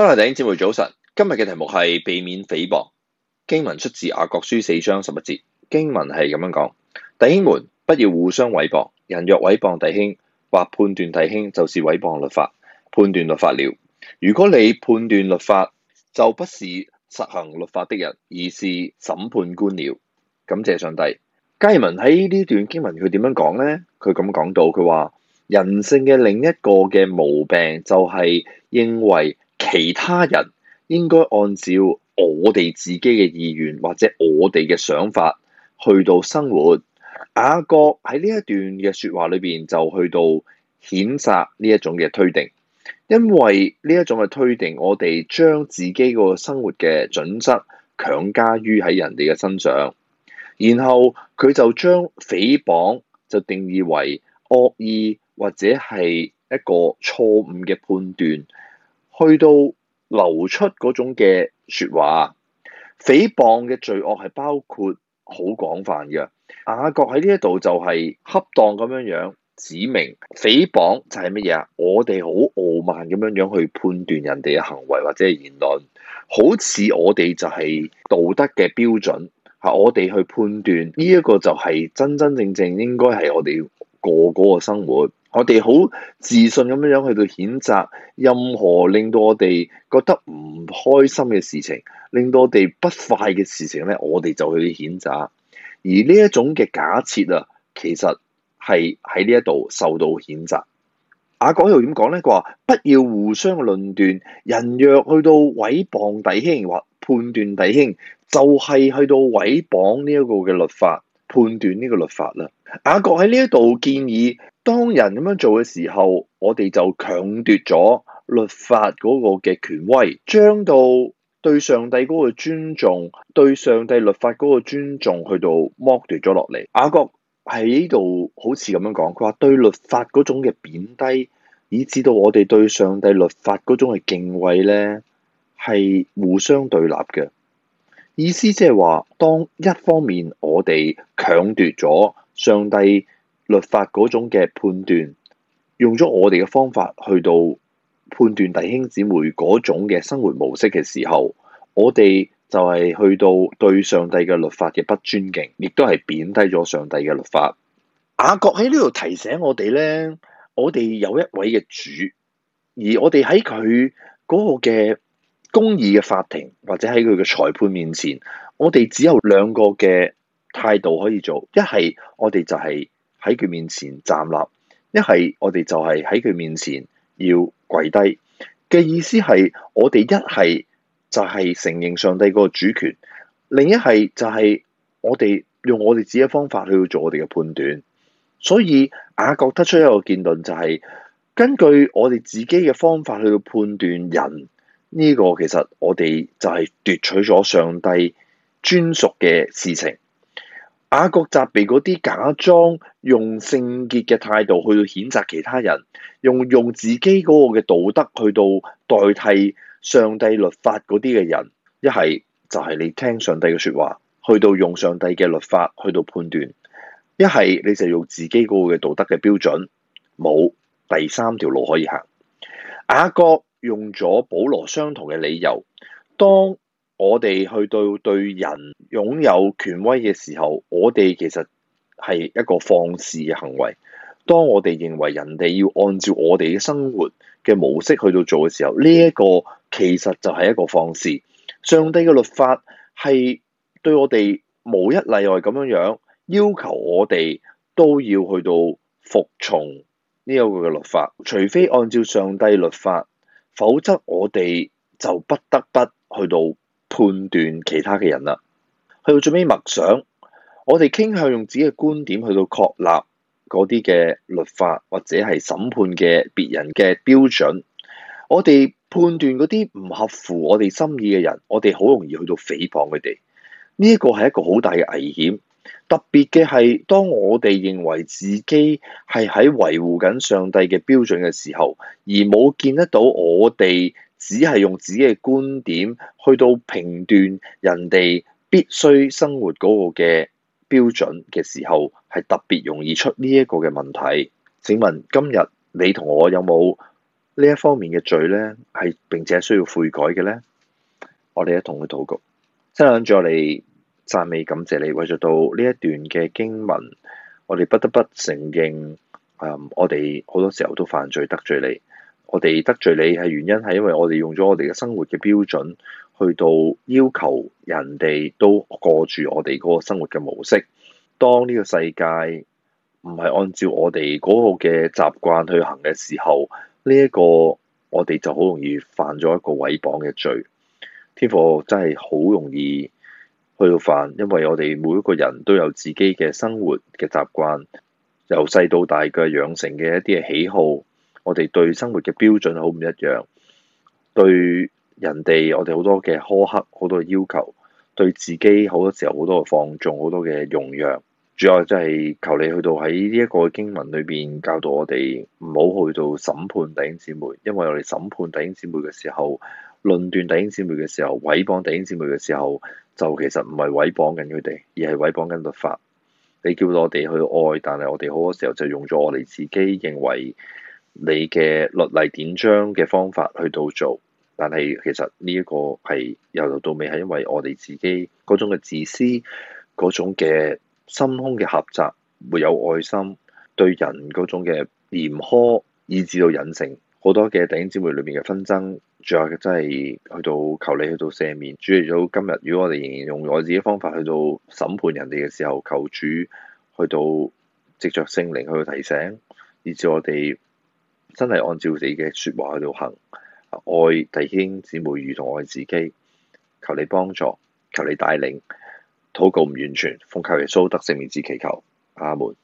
真係弟兄姐妹早晨，今日嘅題目係避免誹謗。經文出自《雅各書》四章十一節，經文係咁樣講：弟兄們，不要互相毀謗。人若毀謗弟兄或判斷弟兄，就是毀謗律法，判斷律法了。如果你判斷律法，就不是實行律法的人，而是審判官了。感謝上帝。加爾文喺呢段經文佢點樣講呢？佢咁講到，佢話人性嘅另一個嘅毛病就係認為。其他人應該按照我哋自己嘅意願或者我哋嘅想法去到生活。雅各喺呢一段嘅説話裏邊就去到譴責呢一種嘅推定，因為呢一種嘅推定，我哋將自己個生活嘅準則強加於喺人哋嘅身上，然後佢就將誹謗就定義為惡意或者係一個錯誤嘅判斷。去到流出嗰種嘅說話，誹謗嘅罪惡，係包括好廣泛嘅。雅各喺呢一度就係恰當咁樣樣指明誹謗就係乜嘢啊。我哋好傲慢咁樣樣去判斷人哋嘅行為或者係言論，好似我哋就係道德嘅標準吓，我哋去判斷呢一個就係真真正正應該係我哋個個生活。我哋好自信咁樣樣去到譴責任何令到我哋覺得唔開心嘅事情，令到我哋不快嘅事情咧，我哋就去譴責。而呢一種嘅假設啊，其實係喺呢一度受到譴責。雅各又度點講咧？佢話不要互相論斷，人若去到毀謗弟兄或判斷弟兄，就係、是、去到毀謗呢一個嘅律法，判斷呢個律法啦。雅各喺呢一度建議。當人咁樣做嘅時候，我哋就強奪咗律法嗰個嘅權威，將到對上帝嗰個尊重、對上帝律法嗰個尊重，去到剝奪咗落嚟。雅各喺度好似咁樣講，佢話對律法嗰種嘅貶低，以至到我哋對上帝律法嗰種嘅敬畏咧，係互相對立嘅。意思即係話，當一方面我哋強奪咗上帝。律法嗰種嘅判斷，用咗我哋嘅方法去到判斷弟兄姊妹嗰種嘅生活模式嘅時候，我哋就係去到對上帝嘅律法嘅不尊敬，亦都係貶低咗上帝嘅律法。雅各喺呢度提醒我哋咧，我哋有一位嘅主，而我哋喺佢嗰個嘅公義嘅法庭，或者喺佢嘅裁判面前，我哋只有兩個嘅態度可以做，一係我哋就係、是。喺佢面前站立，一係我哋就係喺佢面前要跪低嘅意思，係我哋一係就係承認上帝個主權，另一係就係我哋用我哋自己方法去做我哋嘅判斷，所以雅各得出一個結論，就是，就係根據我哋自己嘅方法去判斷人呢，這個其實，我哋就係奪取咗上帝專屬嘅事情。雅各責備嗰啲假裝用聖潔嘅態度去譴責其他人，用用自己嗰個嘅道德去到代替上帝律法嗰啲嘅人，一係就係你聽上帝嘅說話，去到用上帝嘅律法去到判斷，一係你就用自己嗰個嘅道德嘅標準，冇第三條路可以行。雅各用咗保羅相同嘅理由，當。我哋去對對人擁有權威嘅時候，我哋其實係一個放肆嘅行為。當我哋認為人哋要按照我哋嘅生活嘅模式去到做嘅時候，呢一個其實就係一個放肆。上帝嘅律法係對我哋無一例外咁樣樣要求我哋都要去到服從呢一個嘅律法，除非按照上帝律法，否則我哋就不得不去到。判斷其他嘅人啦，去到最尾默想，我哋傾向用自己嘅觀點去到確立嗰啲嘅律法或者係審判嘅別人嘅標準。我哋判斷嗰啲唔合乎我哋心意嘅人，我哋好容易去到誹謗佢哋。呢一個係一個好大嘅危險。特別嘅係，當我哋認為自己係喺維護緊上帝嘅標準嘅時候，而冇見得到我哋。只係用自己嘅觀點去到評斷人哋必須生活嗰個嘅標準嘅時候，係特別容易出呢一個嘅問題。請問今日你同我有冇呢一方面嘅罪呢？係並且需要悔改嘅呢？我哋一同去禱告。神啊，跟住我哋讚美感謝你，為咗到呢一段嘅經文，我哋不得不承認，誒、嗯，我哋好多時候都犯罪得罪你。我哋得罪你係原因係因為我哋用咗我哋嘅生活嘅標準去到要求人哋都過住我哋嗰個生活嘅模式。當呢個世界唔係按照我哋嗰個嘅習慣去行嘅時候，呢一個我哋就好容易犯咗一個誹謗嘅罪。天課真係好容易去到犯，因為我哋每一個人都有自己嘅生活嘅習慣，由細到大佢養成嘅一啲嘅喜好。我哋對生活嘅標準好唔一樣對，對人哋我哋好多嘅苛刻，好多嘅要求，對自己好多時候好多嘅放縱，好多嘅容讓。主要就係求你去到喺呢一個經文裏邊教導我哋，唔好去到審判弟兄姊妹，因為我哋審判弟兄姊妹嘅時候，論斷弟兄姊妹嘅時候，毀謗弟兄姊妹嘅時候，就其實唔係毀謗緊佢哋，而係毀謗緊律法。你叫到我哋去愛，但係我哋好多時候就用咗我哋自己認為。你嘅律例典章嘅方法去到做，但係其實呢一個係由頭到尾係因為我哋自己嗰種嘅自私、嗰種嘅心胸嘅狹窄，沒有愛心對人嗰種嘅嚴苛，以至到隱性好多嘅弟兄姊妹裏面嘅紛爭，最後真係去到求你去到赦免。主耶穌今日，如果我哋仍然用我自己方法去到審判人哋嘅時候，求主去到藉著聖靈去到提醒，以至我哋。真係按照你嘅説話喺度行，愛弟兄姊妹如同愛自己。求你幫助，求你帶領，禱告唔完全，奉求耶穌得聖名之祈求。阿門。